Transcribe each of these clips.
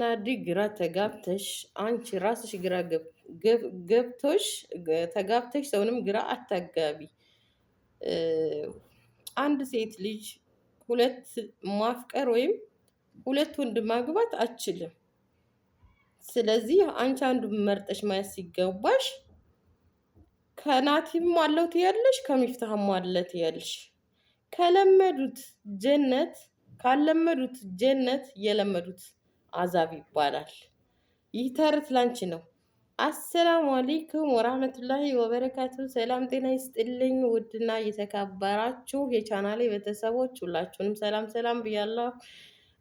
ናዲ ግራ ተጋብተሽ አንቺ ራስሽ ግራ ገብቶሽ ተጋብተሽ ሰውንም ግራ አታጋቢ። አንድ ሴት ልጅ ሁለት ማፍቀር ወይም ሁለት ወንድ ማግባት አችልም። ስለዚህ አንቺ አንዱ መርጠሽ ማየት ሲገባሽ ከናቲም አለው ትያለሽ፣ ከሚፍታህም አለ ትያለሽ። ከለመዱት ጀነት ካለመዱት ጀነት የለመዱት አዛብ ይባላል። ይህ ተረት ላንቺ ነው። አሰላሙ አሌይኩም ወራህመቱላሂ ወበረካቱ። ሰላም ጤና ይስጥልኝ። ውድና እየተከበራችሁ የቻናሌ ቤተሰቦች ሁላችሁንም ሰላም ሰላም ብያለሁ።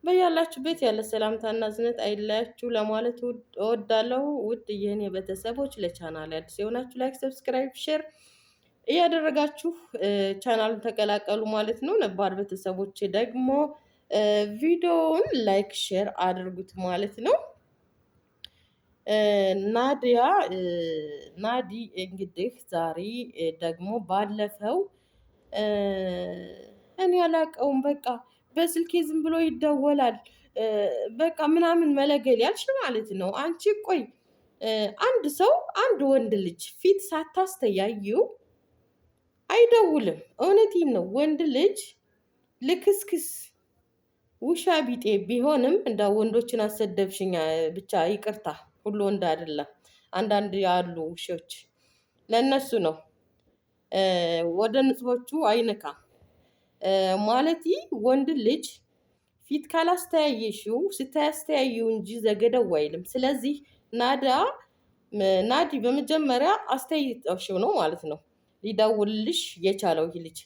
በያላችሁበት ያለ ሰላምታና ዝነት አይለያችሁ ለማለት እወዳለሁ። ውድ ይህን የቤተሰቦች ለቻናል አዲስ የሆናችሁ ላይክ፣ ሰብስክራይብ፣ ሼር እያደረጋችሁ ቻናሉን ተቀላቀሉ ማለት ነው። ነባር ቤተሰቦች ደግሞ ቪዲዮውን ላይክ ሼር አድርጉት ማለት ነው። ናዲያ ናዲ እንግዲህ ዛሬ ደግሞ ባለፈው እኔ አላውቀውም በቃ በስልኬ ዝም ብሎ ይደወላል በቃ ምናምን መለገል ያልሽ ማለት ነው። አንቺ ቆይ አንድ ሰው አንድ ወንድ ልጅ ፊት ሳታስተያየው አይደውልም። እውነቴን ነው። ወንድ ልጅ ልክስክስ ውሻ ቢጤ ቢሆንም እንደ ወንዶችን አሰደብሽኝ ብቻ ይቅርታ፣ ሁሉ ወንድ አይደለም። አንዳንድ ያሉ ውሾች ለእነሱ ነው። ወደ ንጹሖቹ አይነካ ማለት ወንድ ልጅ ፊት ካላስተያየሽው ስታያስተያየው እንጂ ዘገደው አይልም። ስለዚህ ናዳ ናዲ በመጀመሪያ አስተያየት ነው ማለት ነው ሊደውልልሽ የቻለው ይህ ልጅ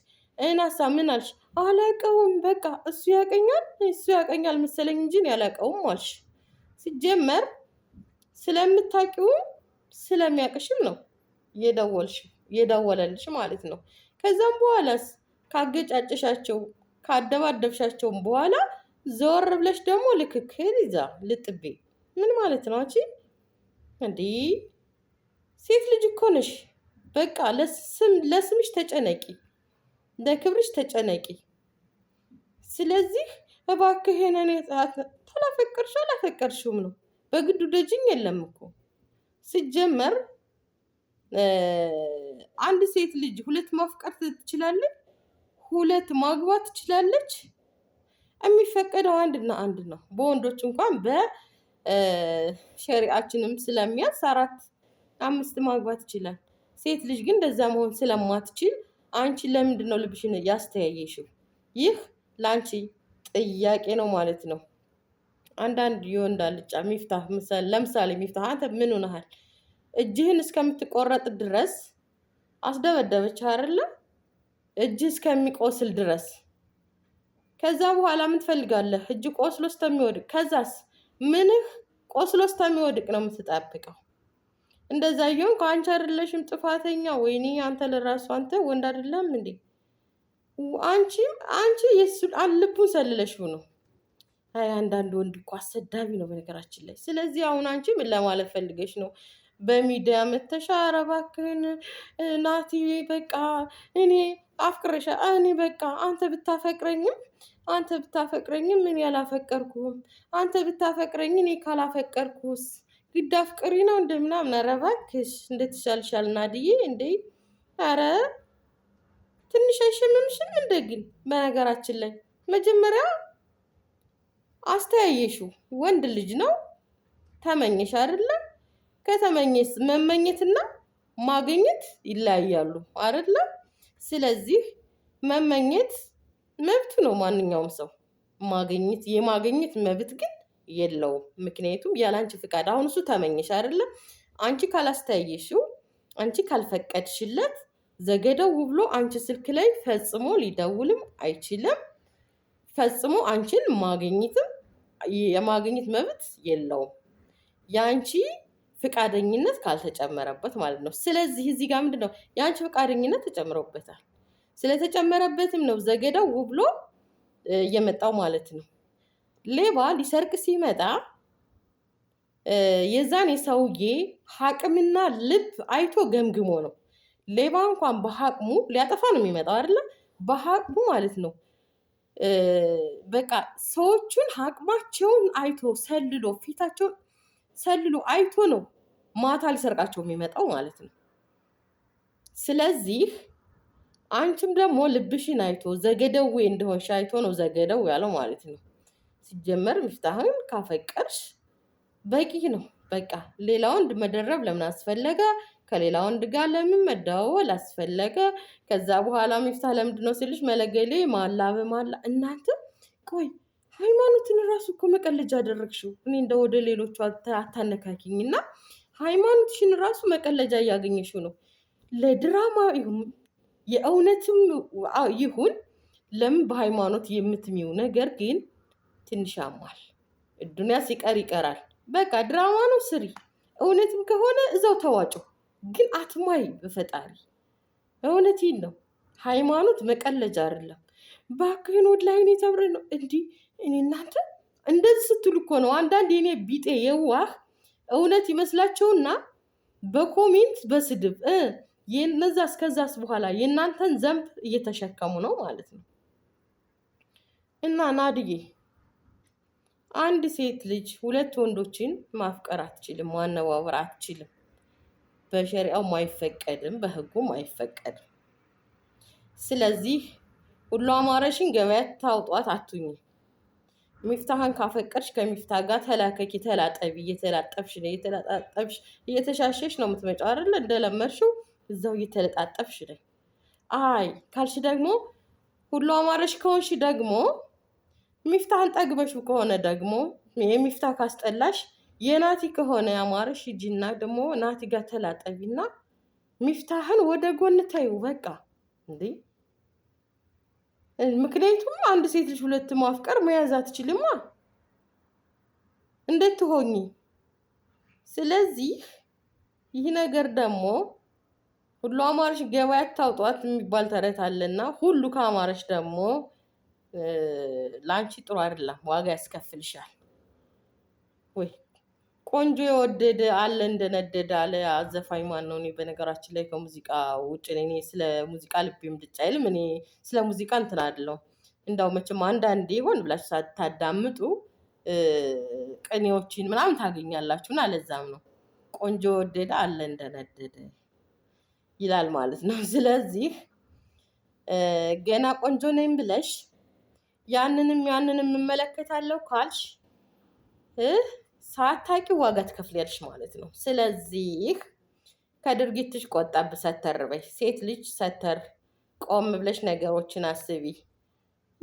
እናሳ ምን አልሽ? አላቀውም በቃ እሱ ያቀኛል እሱ ያቀኛል መሰለኝ እንጂ ያላቀውም አልሽ። ሲጀመር ስለምታቂውም ስለሚያቅሽም ነው የደወልሽ የደወለልሽ ማለት ነው። ከዛም በኋላስ ካገጫጨሻቸው ካደባደብሻቸውም በኋላ ዘወር ብለሽ ደግሞ ልክክል ይዛ ልጥቤ ምን ማለት ነው አንቺ እንዴ? ሴት ልጅ እኮ ነሽ። በቃ ለስምሽ ተጨነቂ። ለክብርሽ ተጨነቂ። ስለዚህ እባክህን እኔ ጸሐት አላፈቀርሽ አላፈቀርሽውም ነው በግዱ ደጅኝ የለም እኮ ሲጀመር አንድ ሴት ልጅ ሁለት ማፍቀር ትችላለች፣ ሁለት ማግባት ትችላለች። የሚፈቀደው አንድና አንድ ነው። በወንዶች እንኳን በሸሪአችንም ስለሚያስ አራት አምስት ማግባት ይችላል። ሴት ልጅ ግን እንደዛ መሆን ስለማትችል አንቺ ለምንድን ነው ልብሽን ያስተያየሽው? ይህ ለአንቺ ጥያቄ ነው ማለት ነው። አንዳንድ የወንድ አልጫ ሚፍታህ፣ ለምሳሌ ሚፍታህ አንተ ምን ሆነሃል? እጅህን እስከምትቆረጥ ድረስ አስደበደበች አይደለ? እጅ እስከሚቆስል ድረስ ከዛ በኋላ ምን ትፈልጋለህ? እጅ ቆስሎ እስከሚወድቅ ከዛስ? ምንህ ቆስሎ እስከሚወድቅ ነው የምትጠብቀው? እንደዛ ይሁን ከአንቺ አይደለሽም ጥፋተኛ። ወይኔ አንተ ለራሱ አንተ ወንድ አይደለም እንዴ? አንቺም አንቺ የሱ ልቡን ሰልለሽው ነው። አይ አንዳንድ ወንድ እኮ አሰዳቢ ነው በነገራችን ላይ። ስለዚህ አሁን አንቺ ምን ለማለት ፈልገሽ ነው? በሚዲያ መተሻ አረባክን ናቲ በቃ እኔ አፍቅረሻ እኔ በቃ አንተ ብታፈቅረኝም አንተ ብታፈቅረኝም እኔ አላፈቀርኩም አንተ ብታፈቅረኝ እኔ ካላፈቀርኩስ ግድ አፍቅሪ ነው እንደምናምን። ኧረ እንዴት ናድዬ? እንዴ አረ ትንሽ አይሸምምሽም እንደ ግን በነገራችን ላይ መጀመሪያ አስተያየሹ ወንድ ልጅ ነው ተመኘሽ አይደለ? ከተመኘስ መመኘትና ማግኘት ይለያያሉ አይደለ? ስለዚህ መመኘት መብቱ ነው ማንኛውም ሰው ማግኘት የማግኘት መብት ግን የለውም። ምክንያቱም ያለ አንቺ ፍቃድ አሁን እሱ ተመኝሽ አይደለም አንቺ ካላስተያየሽው አንቺ ካልፈቀድሽለት ዘገደው ብሎ አንቺ ስልክ ላይ ፈጽሞ ሊደውልም አይችልም። ፈጽሞ አንቺን ማግኘትም የማግኘት መብት የለውም የአንቺ ፍቃደኝነት ካልተጨመረበት ማለት ነው። ስለዚህ እዚህ ጋር ምንድን ነው የአንቺ ፍቃደኝነት ተጨምሮበታል። ስለተጨመረበትም ነው ዘገደው ብሎ እየመጣው ማለት ነው። ሌባ ሊሰርቅ ሲመጣ የዛን ሰውዬ ሀቅምና ልብ አይቶ ገምግሞ ነው። ሌባ እንኳን በሀቅሙ ሊያጠፋ ነው የሚመጣው አይደለ? በሀቅሙ ማለት ነው። በቃ ሰዎቹን ሀቅማቸውን አይቶ ሰልሎ ፊታቸውን ሰልሎ አይቶ ነው ማታ ሊሰርቃቸው የሚመጣው ማለት ነው። ስለዚህ አንቺም ደግሞ ልብሽን አይቶ ዘገደዌ እንደሆንሽ አይቶ ነው ዘገደው ያለው ማለት ነው። ሲጀመር ሚፍታህን ካፈቀርሽ በቂ ነው። በቃ ሌላ ወንድ መደረብ ለምን አስፈለገ? ከሌላ ወንድ ጋር ለምን መደዋወል አስፈለገ? ከዛ በኋላ ሚፍታህ ለምንድን ነው ሲልሽ መለገሌ ማላ በማላ እናንተ ቆይ ሃይማኖትን ራሱ እኮ መቀለጃ አደረግሽው። እኔ እንደ ወደ ሌሎቹ አታነካኪኝ እና ሃይማኖትሽን ራሱ መቀለጃ እያገኘሽው ነው። ለድራማ ይሁን የእውነትም ይሁን ለምን በሃይማኖት የምትሚው ነገር ግን ትንሽ አሟል። እዱንያ ሲቀር ይቀራል። በቃ ድራማ ነው ስሪ። እውነትም ከሆነ እዛው ተዋጮ፣ ግን አትማይ በፈጣሪ እውነቴን ነው። ሃይማኖት መቀለጃ አይደለም። ባክህን ወደ ላይ ነው የተብረ ነው እንዲህ እኔ እናንተ እንደዚህ ስትሉ እኮ ነው አንዳንድ የኔ ቢጤ የዋህ እውነት ይመስላቸውና በኮሜንት በስድብ የነዛ እስከዛስ በኋላ የእናንተን ዘንብ እየተሸከሙ ነው ማለት ነው እና ናድዬ አንድ ሴት ልጅ ሁለት ወንዶችን ማፍቀር አትችልም፣ ማነባበር አትችልም። በሸሪያው አይፈቀድም፣ በህጉም አይፈቀድም። ስለዚህ ሁሉ አማረሽን ገበያ ታውጧት አቱኝ። ሚፍታህን ካፈቀድሽ ከሚፍታ ጋር ተላከክ፣ የተላጠቢ እየተላጠብሽ ነው እየተላጣጠብሽ እየተሻሸሽ ነው የምትመጫው አይደለ? እንደለመድሽው እዛው እየተለጣጠብሽ ነኝ። አይ ካልሽ ደግሞ ሁሉ አማረሽ ከሆንሽ ደግሞ ሚፍታህን ጠግበሹ ከሆነ ደግሞ የሚፍታ ካስጠላሽ የናቲ ከሆነ ያማረሽ ሂጂና ደግሞ ናቲ ጋር ተላጠቢና ሚፍታህን ወደ ጎን ተዩ። በቃ እንዴ! ምክንያቱም አንድ ሴት ልጅ ሁለት ማፍቀር መያዝ አትችልማ እንዴት ትሆኚ? ስለዚህ ይህ ነገር ደግሞ ሁሉ አማረሽ ገበያ ታውጧት የሚባል ተረት አለና ሁሉ ከአማረሽ ደግሞ ለአንቺ ጥሩ አይደለም፣ ዋጋ ያስከፍልሻል። ወይ ቆንጆ የወደደ አለ እንደነደደ አለ አዘፋኝ ማን ነው? እኔ በነገራችን ላይ ከሙዚቃ ውጭ እኔ ስለ ሙዚቃ ልቤም ልጭ አይልም። እኔ ስለ ሙዚቃ እንትን አለው እንዳው መቼም አንዳንዴ ይሆን ብላችሁ ሳታዳምጡ ቅኔዎችን ምናምን ታገኛላችሁ እና ለዛም ነው ቆንጆ የወደደ አለ እንደነደደ ይላል ማለት ነው። ስለዚህ ገና ቆንጆ ነኝ ብለሽ ያንንም ያንንም እመለከታለሁ ካልሽ ሳታቂ ዋጋ ትከፍያለሽ ማለት ነው። ስለዚህ ከድርጊትሽ ቆጠብ፣ ሰተር በይ። ሴት ልጅ ሰተር ቆም ብለሽ ነገሮችን አስቢ።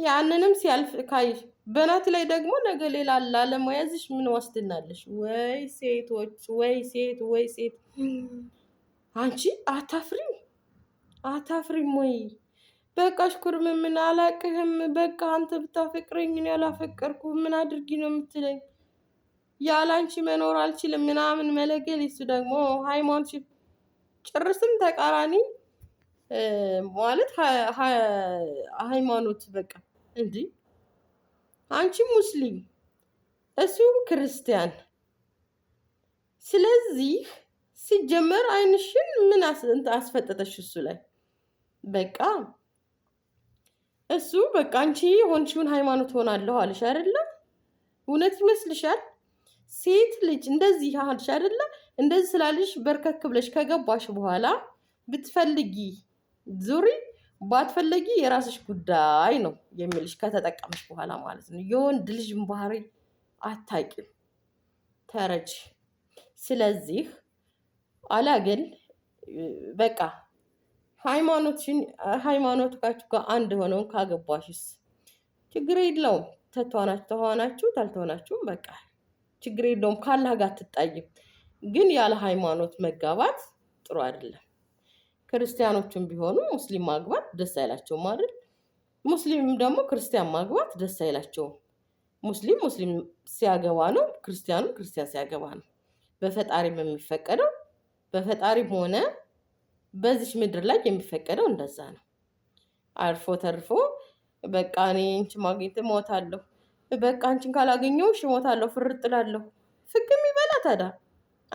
ያንንም ሲያልፍ ካይ በናት ላይ ደግሞ ነገ ሌላ ላለመያዝሽ ምን ወስድናለሽ? ወይ ሴቶች፣ ወይ ሴት፣ ወይ ሴት አንቺ አታፍሪም አታፍሪም ወይ? በቃ እሽኩርምምን አላቅህም። በቃ አንተ ብታፈቅረኝ እኔ አላፈቀርኩም። ምን አድርጊ ነው የምትለኝ? ያላንቺ መኖር አልችልም ምናምን መለገል። እሱ ደግሞ ሃይማኖት ጭርስም ተቃራኒ ማለት ሃይማኖት በቃ እንዲ አንቺ ሙስሊም እሱ ክርስቲያን። ስለዚህ ሲጀመር አይንሽን ምን አስፈጠጠሽ እሱ ላይ በቃ እሱ በቃ አንቺ የሆንሽውን ሃይማኖት ሆናለሁ አልሽ አይደለ? እውነት ይመስልሻል? ሴት ልጅ እንደዚህ አልሽ አይደለ? እንደዚህ ስላልሽ በርከክ ብለሽ ከገባሽ በኋላ ብትፈልጊ ዙሪ፣ ባትፈለጊ የራስሽ ጉዳይ ነው የሚልሽ ከተጠቀምሽ በኋላ ማለት ነው። የወንድ ልጅን ባህሪ አታቂም ተረጅ። ስለዚህ አላግል በቃ ሃይማኖትሽን ሃይማኖት ጋር አንድ ሆነውን ካገቧሽስ ችግር የለውም። ተተዋናችሁ ተዋናችሁ ታልተዋናችሁም በቃ ችግር የለውም። ካላህ ጋር አትጣይም። ግን ያለ ሃይማኖት መጋባት ጥሩ አይደለም። ክርስቲያኖቹም ቢሆኑ ሙስሊም ማግባት ደስ አይላቸውም አይደል? ሙስሊምም ደግሞ ክርስቲያን ማግባት ደስ አይላቸውም። ሙስሊም ሙስሊም ሲያገባ ነው፣ ክርስቲያኑም ክርስቲያን ሲያገባ ነው። በፈጣሪም የሚፈቀደው በፈጣሪም ሆነ በዚች ምድር ላይ የሚፈቀደው እንደዛ ነው። አርፎ ተርፎ በቃ እኔ አንቺ ማግኘት እሞታለሁ፣ በቃ አንቺን ካላገኘሁሽ እሞታለሁ፣ ፍርጥ እላለሁ። ፍግ የሚበላ ታዲያ።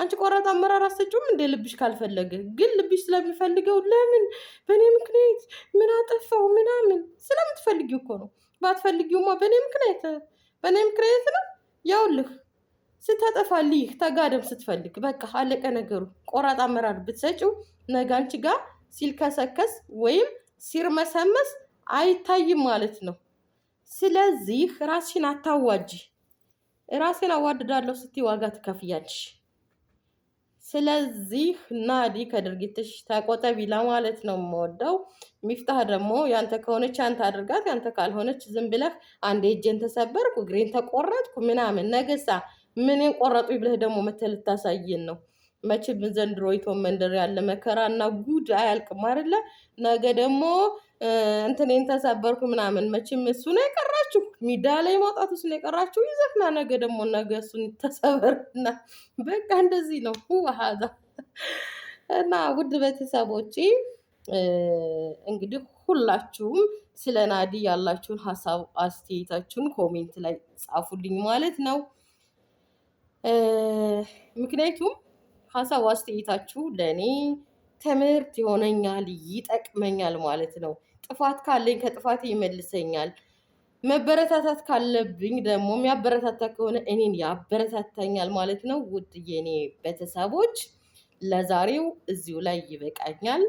አንቺ ቆራጥ አመራር አሰጪውም እንደ ልብሽ ካልፈለገ ግን ልብሽ ስለሚፈልገው ለምን በእኔ ምክንያት ምን አጠፋው ምናምን ስለምትፈልጊው እኮ ነው። ባትፈልጊውማ በእኔ ምክንያት በእኔ ምክንያት ነው ያውልህ ስታጠፋልህ ተጋደም ስትፈልግ በቃ አለቀ ነገሩ። ቆራጥ አመራር ብትሰጪው ነገ አንቺ ጋር ሲልከሰከስ ወይም ሲርመሰመስ አይታይም ማለት ነው። ስለዚህ ራስሽን አታዋጂ። ራሴን አዋድዳለሁ ስቲ ዋጋ ትከፍያለሽ። ስለዚህ ናዲ ከድርጊትሽ ተቆጠቢ ለማለት ነው የምወደው። ሚፍታህ ደግሞ ያንተ ከሆነች አንተ አድርጋት፣ ያንተ ካልሆነች ዝም ብለህ አንዴ እጄን ተሰበርኩ፣ እግሬን ተቆረጥኩ ምናምን ነገሳ ምንን ቆረጡ ብለህ ደግሞ መተህ ልታሳየን ነው? መቼም ዘንድሮ ኢትዮጵያ መንደር ያለ መከራ እና ጉድ አያልቅም አይደለ? ነገ ደግሞ እንትኔን ተሰበርኩ ምናምን። መቼም እሱ ነው የቀራችሁ፣ ሚዳ ላይ ማውጣት እሱ ነው የቀራችሁ። ይዘፍና ነገ ደግሞ ነገ እሱን ተሰበርና በቃ እንደዚህ ነው ዋሃዛ እና ውድ ቤተሰቦቼ እንግዲህ ሁላችሁም ስለ ናዲ ያላችሁን ሀሳብ አስተያየታችሁን ኮሜንት ላይ ጻፉልኝ ማለት ነው። ምክንያቱም ሀሳብ አስተያየታችሁ ለእኔ ትምህርት ይሆነኛል፣ ይጠቅመኛል ማለት ነው። ጥፋት ካለኝ ከጥፋት ይመልሰኛል። መበረታታት ካለብኝ ደግሞ የሚያበረታታ ከሆነ እኔን ያበረታታኛል ማለት ነው። ውድ የኔ ቤተሰቦች ለዛሬው እዚሁ ላይ ይበቃኛል።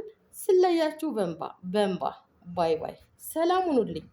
ስለያችሁ በንባ በንባ ባይ ባይ። ሰላም ሁኑልኝ።